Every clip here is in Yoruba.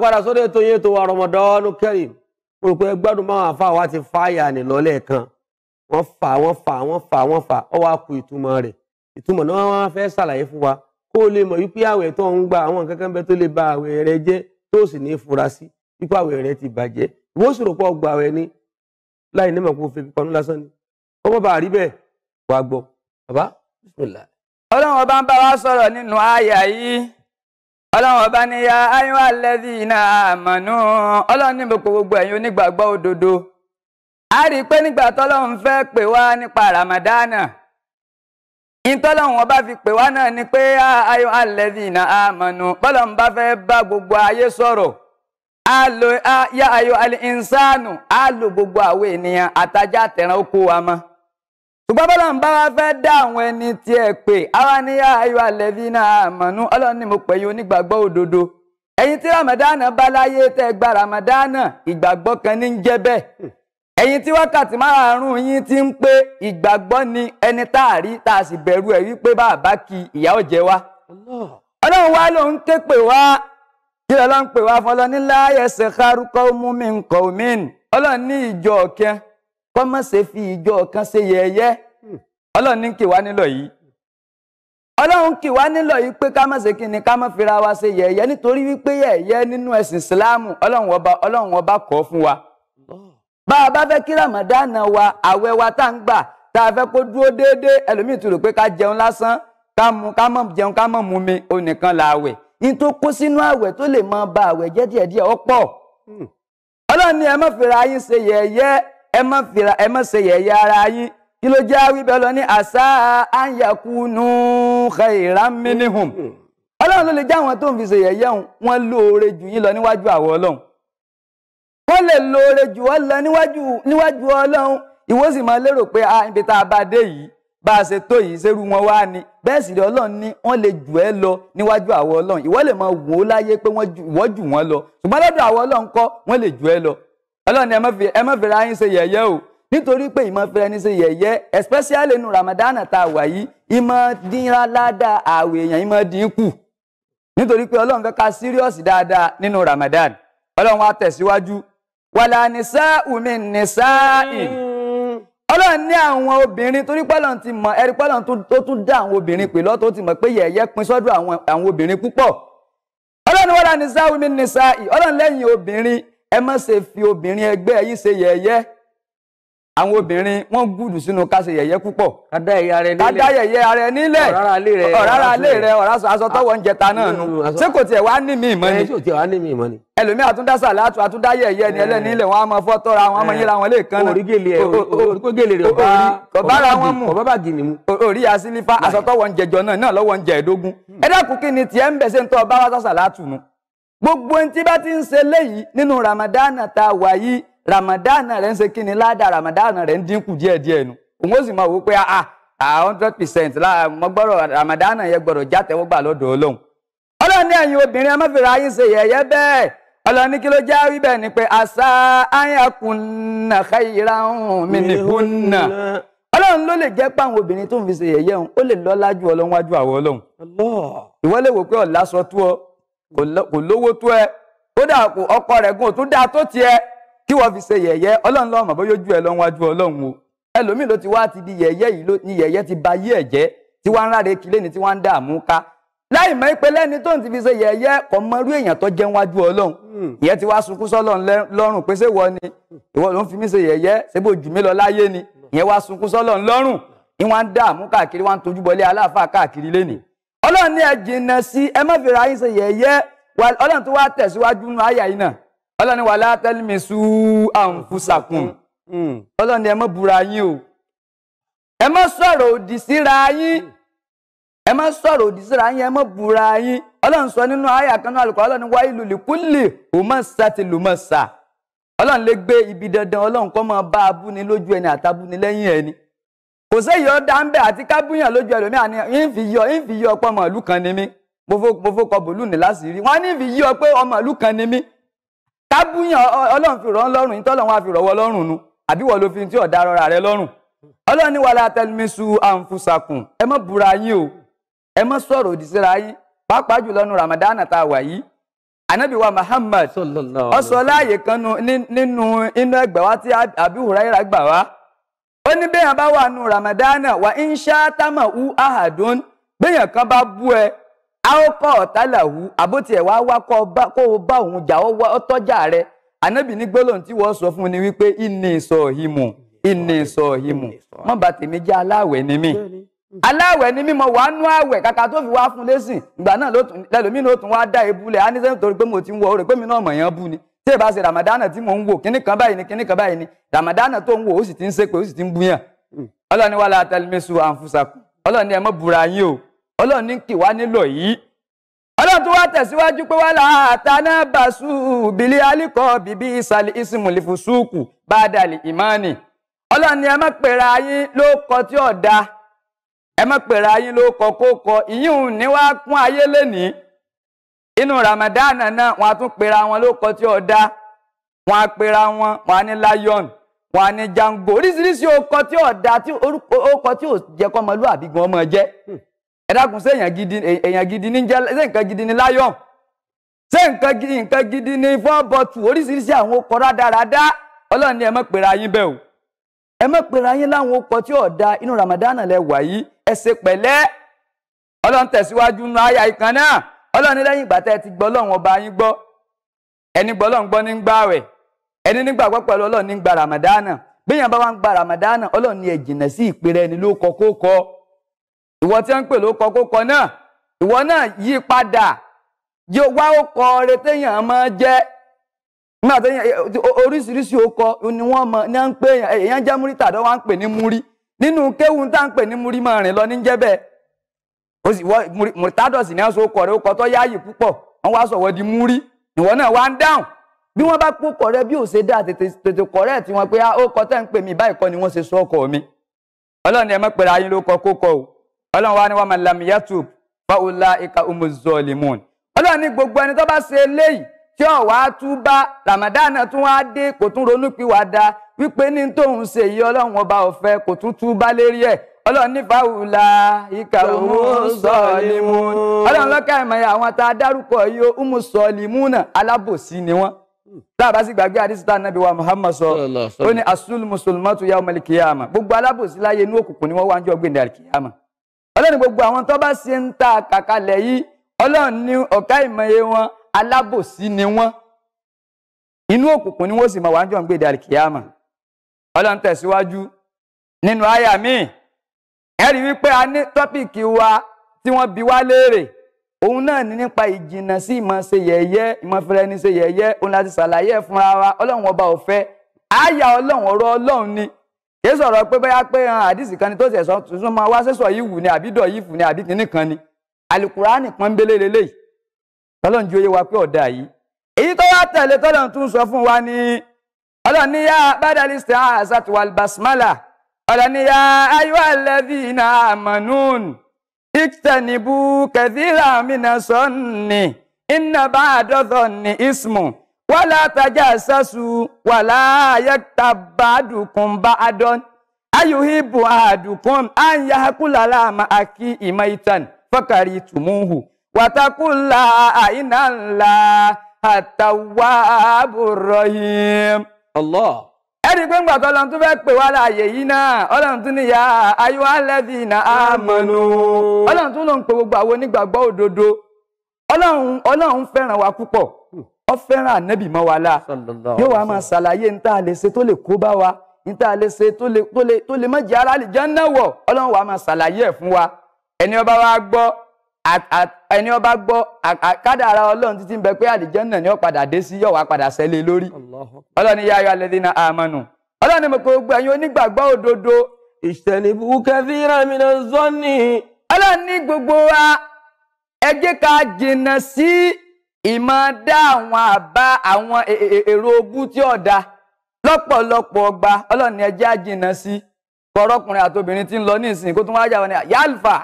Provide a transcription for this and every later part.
káàbọ̀ padà sórí ètò yín ètò wa Ramadan Kareem mo rò pé gbádùn máa fa àwa ti fáyà ní lọ́lẹ̀ kan wọ́n fà wọ́n fà wọ́n fà wọ́n fà ọ wá ku ìtumọ̀ rẹ̀ ìtumọ̀ náà wọ́n fẹ́ ṣàlàyé fún wa kó o lè mọ̀ wípé àwẹ̀ tó ń gba àwọn nǹkan kan bẹ tó lè ba àwẹ̀ rẹ jẹ́ tó sì ní fura sí wípé àwẹ̀ rẹ ti bàjẹ́ ìwọ sì rò pé ọgbà àwẹ̀ ni láì ní mọ̀ kó o fi pọnú lásán ni ọmọ bá rí bẹ́ẹ̀ wàá gbọ́ bàbá bismillah. ọlọ́run ọba ń bá wa sọ̀rọ̀ nínú àyà ọlọ́run ọba ní ya ayọ́ alẹ́dí iná àmọ́nú ọlọ́run ní gbogbo gbogbo ẹ̀yin onígbàgbọ́ òdodo a rí i pé nígbà tọ́lọ́run fẹ́ pè wá nípa ramadana Tọ́lọ́run ọba fi pè wá náà ni pé ayọ́ alẹ́dí iná àmọ́nú bọ́lọ́run bá fẹ́ bá gbogbo ayé sọ̀rọ̀ a lo ya ayọ́ alẹ́ ìnsánù a lo gbogbo àwọn ènìyàn àtajá àtẹ̀ràn oko wa mọ́. ṣùgbọ́n bá fẹ́ dá àwọn ẹni tí ẹ pè àwa ní ayọ̀ àlẹ́bí náà àmọ̀nú ọlọ́run ni mo pè yín onígbàgbọ́ òdodo ẹ̀yin tí ramadana bá láyé tẹ́ gba ramadana ìgbàgbọ́ kan ní ń jẹ́ bẹ́ẹ̀ ẹ̀yin tí wákàtí márùn-ún yín ti ń pé ìgbàgbọ́ ni ẹni tá rí tá sì bẹ̀rù ẹ̀ wípé bàbá kí ìyà kọ́mọ̀ ṣe fi ìjọ kan ṣe yẹ̀yẹ́ hmm. ọlọ́run ní kì wá nílò yìí ọlọ́run kì wá nílò yìí pé ká má ṣe kí ni ká má fira wa ṣe yẹ̀yẹ́ nítorí wípé yẹ̀yẹ́ nínú ẹ̀sìn ìsìláàmù ọlọ́run ọba ọlọ́run ọba kọ́ fún wa bá a bá fẹ́ kí ramadana wa àwẹ̀ wa tá ń gbà tá a fẹ́ kó dúró déédéé ẹlòmíì tún rò pé ká jẹun lásán ká mu ká má jẹun ká má mu mi onìkan la àwẹ̀ in tó kó sínú àwẹ̀ tó lè máa ba àwẹ̀ jẹ́ díẹ̀díẹ̀ ọ̀pọ̀ hmm. ọlọ́run ni ẹ má fira yín ṣe yẹ̀yẹ́ ẹ má fira ẹ má ṣe yẹ̀yẹ́ ara yín kí ló jẹ́ wí bẹ́ẹ̀ lọ ní àṣà àyàkúnú khairan minhum hmm. ọlọ́run ló lè jẹ́ àwọn tó ń fi ṣe yẹ̀yẹ́ òun wọ́n lóore jù yín lọ níwájú àwọn ọlọ́run wọ́n lè lóore jù ọ́ lọ níwájú ọlọ́run ìwọ sì máa lérò pé ah, ibi tá a bá dé yìí bá a ṣe tó yìí ṣerú wọn wá ni bẹ́ẹ̀ sì rí ọlọ́run ní wọ́n lè jù ẹ́ lọ níwájú àwọn ọlọ́run ìwọ lè máa wò ó láyé pé ìwọ jù wọ́n lọ ṣùgbọ́n lọ́dọ̀ àwọn ọlọ́run kọ́ wọ́n lè jù ẹ́ lọ ọlọ́run ni ẹ má fẹ́ra yín ṣe yẹ̀yẹ́ o nítorí pé ìmọ̀ fẹ́ra ẹni ṣe yẹ̀yẹ́ especially nu Ramadan tá a wà yìí ìmọ̀ dínra ládàá àwẹ̀ èèyàn ìmọ̀ dín kù nítorí pé ọlọ́run fẹ́ ká serious dáadáa nínú Ramadan ọlọ́run wa tẹ̀síwájú wàlà nìṣá ùmí nìṣá ì ọlọ́run ní àwọn obìnrin torí pọ́lọ́n ti mọ̀ ẹ̀rí pọ́lọ́n tó tún dá àwọn obìnrin pè lọ́tọ̀ ó ti mọ̀ pé yẹ̀yẹ́ pin sọ́dọ̀ àwọn obìnrin púpọ̀ ọlọ́run wàlà nìṣá ùmí nìṣá ì ọlọ́run lẹ́yìn obìnrin ẹ má ṣe fi obìnrin ẹgbẹ́ yín ṣe yẹ̀yẹ́ àwọn obìnrin wọ́n gùdù sínú ká ṣe yẹ̀yẹ́ púpọ̀ ká dá yẹ̀yẹ́ ara ẹ nílẹ̀ ọ̀rára alé rẹ ọ̀rára alé rẹ ọ̀rásọ aṣọ tọ́wọ́ ń jẹta náà nu mm, ṣé kò tiẹ̀ wá ní mi ìmọ̀ ni ẹlòmíì àtúndá sàlátù àtúndá yẹ̀yẹ́ ni ẹlẹ́ni ilẹ̀ wọn á máa fọ́ tọ́ra wọn á máa yíra wọn lè kan náà orí gèlè ẹ orí gèlè rẹ ọba ọba ara wọn mu ọba bàgì ni mu orí asílífà aṣọ tọ́wọ́ ń jẹjọ náà náà lọ́wọ́ ń jẹ ẹ̀dógún ẹ dákun kí ni tiẹ̀ ń bẹ̀ ṣe ń tọ́ ọba wá sàlátù nu gbogbo ẹni tí bá ti ń ṣe léyìí nínú Ramadan tá a wà yìí ramadana rẹ̀ ń ṣe kíni ládàá ramadana rẹ̀ ń dínkù díẹ̀díẹ̀ nu òun ó sì máa wò pé a ah, ah, a hundred percent la mo gbọ́dọ̀ ramadana yẹn gbọ́dọ̀ játẹ́wọ́gbà lọ́dọ̀ ọlọ́run ọlọ́run ní ẹ̀yin obìnrin ẹ má fi ra yín ṣe yẹ̀yẹ́ bẹ́ẹ̀ ọlọ́run ní kí ló já rí bẹ́ẹ̀ ni pé àṣà ayakunna khayran minihunna ọlọ́run ló lè jẹ́ pàwọn àwọn obìnrin tó ń fi ṣe yẹ̀yẹ́ òun ó lè lọ́lá ju ọlọ́run wájú àwọn ọlọ́run ìwọ lè wò pé ọ̀lá sọ tú ọ kò lówó tó ẹ kódà ọkọ rẹ̀ gùn tó dáa tó tiẹ̀ kí wọ́n fi ṣe yẹ̀yẹ́ ọlọ́run lọ́mọ bóyá ojú ẹ lọ wájú ọlọ́run o ẹlòmíì ló ti wá ti di yẹ̀yẹ́ yìí ni yẹ̀yẹ́ ti ba yí ẹ̀ jẹ́ tí wọ́n ń ráre kí lẹ́ni tí wọ́n ń dààmú ká láì mọ̀ pé lẹ́ni tó ń ti fi ṣe yẹ̀yẹ́ kò mọ irú èèyàn tó jẹ́ wájú ọlọ́run hmm. ìyẹn ti wá sunkún sọ́lọ́run lọ́rùn pé ṣé wọ ni ìwọ ló ń fi mí ṣe yẹ̀yẹ́ ṣé bó jù mí lọ láyé ni ìyẹn wá sunkún sọ́lọ́run lọ́rùn ni wọ́n ń dààmú káàkiri wọ́n ń tojú bọlé aláàfáà káàkiri lénìí ọlọ́run ní ẹ jìnnà sí ẹ má fèrè ayé ṣe yẹ̀yẹ́ ọlọ́run tó wá tẹ̀síwájú nínú àyà yìí náà ọlọ́run ní wala talmisu anfusakum hmm. ọlọ́run ní ẹ má búra yín o ẹ má sọ̀rọ̀ òdì síra yín ẹ má sọ̀rọ̀ òdì síra yín ẹ má búra yín ọlọ́run sọ nínú àyà kan náà Al-Qur'an ọlọ́run wailul likulli humazatil lumazah ọlọ́run lè gbé ibi dandan ọlọ́run kọ́ máa bá abúni lójú ẹni àtabúni lẹ́yìn ẹni kò séyọ dáńbẹ àti kábúyàn lójú ẹlòmí àní yọ kan ni mí mo fọkọ bòlú ní láṣìírí wọn ní ìfi yọ kan ni mí Ọlọ́run fi rọ lọ́rùn yìí lọ́rùn nu àbí wọn ló fi tí rọra rẹ lọ́rùn Ọlọ́run ní wàhálà àǹfùsàkùn ẹ o ẹ sọ̀rọ̀ wà yìí anabi wa Muhammad ọsọ láàyè nínú inú ó ní bẹ́yàn bá wà nù ramadana wà ń ṣá hu ahadun bẹ́yàn kan bá bú ẹ aókọ̀ àbótiẹ̀ wá wá kó o bá òun jà ó tọ́jà rẹ ànábì ní gbólóhùn tí wọ́n sọ fún ni wípé ìní sọ ìmù ìní sọ ìmù mọ́ bá tèmi jẹ́ aláwẹ̀ ni mí aláwẹ̀ ni wàá nú àwẹ̀ kàkà tó fi wá fún lẹ́sìn ìgbà náà lẹ́lòmínú ó tún wá dá á ní sẹ́yìn torí pé mo ti ń pé mi tí si: ṣe ramadana tí mò ń wò kíní kan báyìí ni kíní kan báyìí ni ramadana tó ń wò ó sì ti ń ṣépè ó sì ti ń búyàn ọlọ́ni wàhálà ọlọ́ni ẹ o ọlọ́ni kì wá nílò yìí ọlọ́run tó wá tẹ̀síwájú pé wàhálà àtàná bàṣù bìlí bìbí ìsàlẹ̀ bàdàlì ìmánì ọlọ́ni ẹ ló kọ nínú Ramadan náà wọn a tún pera wọn lóko tí ó dá wọn a pera wọn wọn ní lion wọn a ní Django oríṣiríṣi okọ tí ó dá tí ó jẹ kọ́ ọmọlúwàbí gan ọmọ hmm. ẹ gidi èèyàn gidi ní jẹ́ ṣé nǹkan gidi ní lion ṣé nǹkan gidi ní àwọn okọ rádaràdá ni ẹ pera yín o ẹ mọ̀ pera yín láwọn tí ó Ramadan lẹ wà yìí ẹ ṣe ọlọ́run ní lẹ́yìn ìgbà tẹ́ ẹ ti gbọ́ ọlọ́run ọba yín gbọ́ ẹni gbọ́ ọlọ́run gbọ́ ní gbààwẹ̀ ẹni nígbàgbọ́ pẹ̀lú ọlọ́run ní gba ramadana bíyàn bá wà ń gba ọlọ́run ẹ sí ìpèrè ẹni ló ìwọ tí wọ́n ń pè ló náà ìwọ náà yí padà yóò wá ọkọ téèyàn jẹ́ oríṣiríṣi ni wọ́n ní lọ ní ó sì wọ mùtádọ̀sì ní aṣọ ọkọ̀ rẹ ọkọ̀ tó yáàyè púpọ̀ wọ́n wá sọ̀wọ́ di múrí ìwọ náà wá ń dáhùn bí wọ́n bá pòkọ̀ rẹ bí ò ṣe dá tètè kọ̀rẹ́ tí wọ́n pé ó kọ́ tẹ́ ń pè mí báyìí kọ́ ni wọ́n ṣe sọ ọkọ̀ mi ọlọ́run ni ẹ má pèrè ayé ló kókọ o ọlọ́run wá ní wa man lam yatub fa ulaika umuz zalimun ọlọ́run ramadan tún wá dé kò tún ronúpìwàdà wípé ní tóun ṣe yìí ọlọ́run ọba ọlọ́run nífà wùlà ìkà òun ka ọlọ́run lọ́kà ìmọ̀ye àwọn tá a dárúkọ o ọmọ sọ̀lìmù náà alábòsí ni wọ́n hmm. tá sì gbàgbé wa Muhammad sọ ó ní asul musulmatu yawmal qiyamah gbogbo alábòsí láyé gbogbo àwọn tó bá ṣe ń ta yìí ọlọ́run ní ọ̀ká ìmọ̀ye wọn alábòsí ni wọ́n inú òkùnkùn ni wọ́n sì wá ń jọ ọlọ́run ẹ rí wípé a ní tọ́pìkì wa tí wọ́n bi wá léèrè òun náà ní nípa ìjìnà sí ìmọ̀ ṣe yẹ̀yẹ́ ìmọ̀ fẹ́rẹ́ ní ṣe yẹ̀yẹ́ òun láti ṣàlàyé ẹ̀ fúnra wa ọlọ́run ọba ò fẹ́ àyà ọlọ́run ọ̀rọ̀ ọlọ́run ni kìí sọ̀rọ̀ pé bóyá pé ah, àdìsí kan ni tó tẹ̀sán tuntun máa wá sẹ́sọ̀ yìí wù ni àbí dọ̀ yìí fù ni àbí kìíní kan ni alukurani kan ń belé lélẹ́yìí ọlọ́run ju oyé wa pé ọ̀dà yìí èyí tó wá tẹ̀lé tọ́lọ́run tún sọ fún wa ni ọlọ́run níyà bádàlí basmala ọ̀làníyà ayọ́ alẹ́bí iná àmànún ìtẹ̀nìbù kẹ̀síra mìíràn sọ́ọ̀nì ìnàbà àdọ́sọ̀nì ismu wọ́lá tajà sẹ́sù wọ́lá ayẹ́ta bá dùkún bá adọ́n ayùhìbù àdùkún àyàkúlàlà àmà àkí ìmọ̀ ìtàn fọ́kàrí tùmùhù wàtàkùlà àìnà ńlá àtàwà àbúrò yìí. Allah ẹ̀rí pé ńgbà tọ́lọ́n tún fẹ́ pè wá láàyè yìí náà ọlọ́run tún níyà ayọ́ alẹ́bí iná àmọ́nù ọlọ́run tún ló ń pe gbogbo àwọn onígbàgbọ́ òdodo ọlọ́run fẹ́ràn wa púpọ̀ ó fẹ́ràn ànẹ́bì mọ́ wa la yóò wá máa ṣàlàyé ní tá a lè ṣe tó lè kó bá wa ní tá a lè ṣe tó lè tó jẹ́ ara lè jẹ́ náà ọlọ́run wá máa ṣàlàyé ẹ̀ fún wa ẹni ó wa gbọ́ ẹni ọba gbọ́ kádàrá ọlọ́run títí ń bẹ pé àlìjẹ́nà ni ó padà dé sí yọ̀wá padà sẹ́lẹ̀ lórí ọlọ́run yá ayọ̀ alẹ́dínà àmọ́nù ọlọ́run mo kò gbọ́ ẹ̀yin onígbàgbọ́ òdodo. ìṣẹ̀lẹ̀bù kẹfìrà mi lọ sọ ni. ọlọ́run ní gbogbo wa ẹ jẹ́ ká jìnnà sí ìmọ̀ dá àwọn àbá àwọn e, e, e, èrò ogú tí ọ̀dà lọ́pọ̀lọpọ̀ ọgbà ọlọ́run ẹ jẹ́ àjìnnà sí kọ̀rọ̀kùnrin àtobìnrin tí ń lọ ní ìsìn kó ni yálfà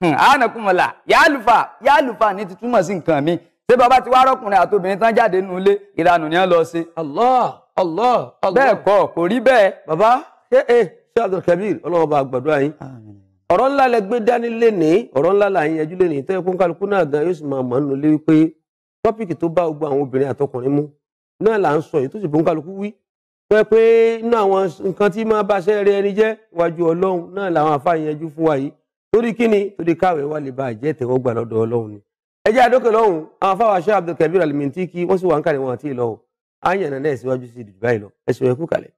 àánàkùnmọ̀là hmm, yálùfà yálùfà ní ti túmọ̀ sí nǹkan mi ṣé bàbá ti wá rọ́kùnrin àtobìnrin tán jáde nínú ilé ìranù ni wọ́n lọ ṣe. Allah Allah Allah bẹ́ẹ̀ kọ́ kò rí bẹ́ẹ̀. bàbá ṣé ẹ eh, ṣé Abdulkabir ọlọ́wọ́ bá gbàdúrà yín ọ̀rọ̀ ńlá lẹ gbé dání léni ọ̀rọ̀ ńlá là ń yẹjú léni náà yóò sì máa mọ̀ nínú ilé wípé tọ́pìkì tó bá gbogbo àwọn torí kíni torí káwé wa lè ba àjẹ́ tẹ̀wọ́gbà lọ́dọ̀ ọlọ́run ni ẹ jẹ́ àdókè lọ́hùn àwọn afáwà Sheikh Abdul Kabir Al-Mintiki wọ́n sì wà ń kàlẹ̀ wọn àti ìlọ́wọ́ àyànnà náà síwájú sí ìdìbò lọ ẹ ṣe wọ́n kú kalẹ̀.